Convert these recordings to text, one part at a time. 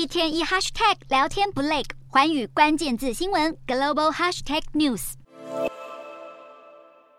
一天一 hashtag 聊天不累，寰宇關鍵字新聞 global hashtag news。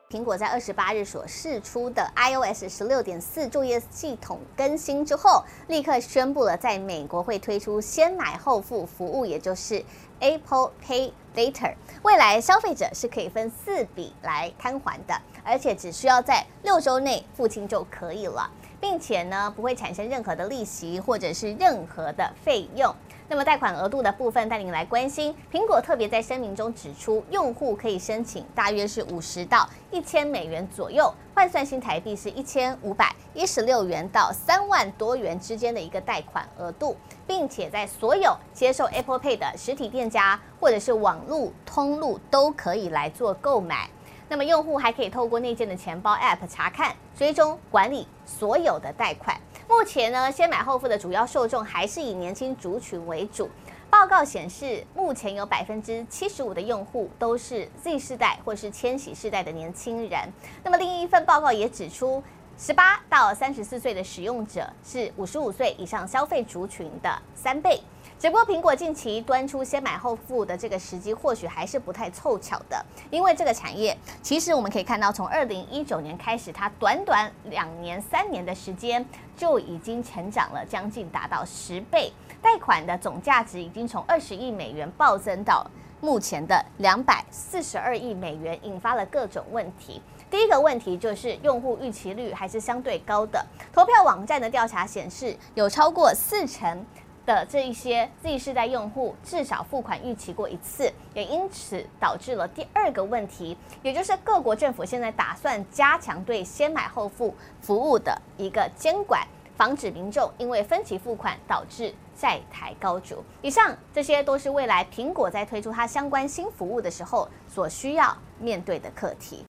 蘋果在二十八日所釋出的 iOS 十六點四作業系統更新之後，立刻宣布了在美國會推出先買後付服務，也就是 Apple Pay Later。未來消費者是可以分四筆來攤還的，而且只需要在六周內付清就可以了。並且呢，不會產生任何的利息或者是任何的費用。那麼貸款額度的部分，帶您來關心。蘋果特別在聲明中指出，用戶可以申請大約是五十到一千美元左右，換算新台幣是一千五百一十六元到三萬多元之間的一個貸款額度，並且在所有接受 Apple Pay 的實體店家或者是網絡通路都可以來做購買。那麼用戶還可以透過內建的錢包 App 查看、追蹤、管理所有的貸款。目前呢，先買後付的主要受眾還是以年輕族群為主。報告顯示，目前有百分之七十五的用戶都是 Z 世代或是千禧世代的年輕人。那麼另一份報告也指出。十八到三十四歲的使用者是五十五歲以上消費族群的三倍。只不過，蘋果近期端出先買後付的這個時機，或許還是不太湊巧的，因為這個產業其實我們可以看到，從二零一九年開始，它短短兩年三年的時間就已經成長了將近達到十倍，貸款的總價值已經從二十億美元暴增到。目前的兩百四十二億美元，引發了各種問題。第一個問題就是用戶逾期率還是相對高的。投票網站的調查顯示，有超過四成的這一些 Z 世代用戶至少付款逾期過一次，也因此導致了第二個問題，也就是各國政府現在打算加強對先買後付服務的一個監管。防止民眾因為分期付款導致債台高築。以上這些都是未來蘋果在推出它相關新服務的時候所需要面對的課題。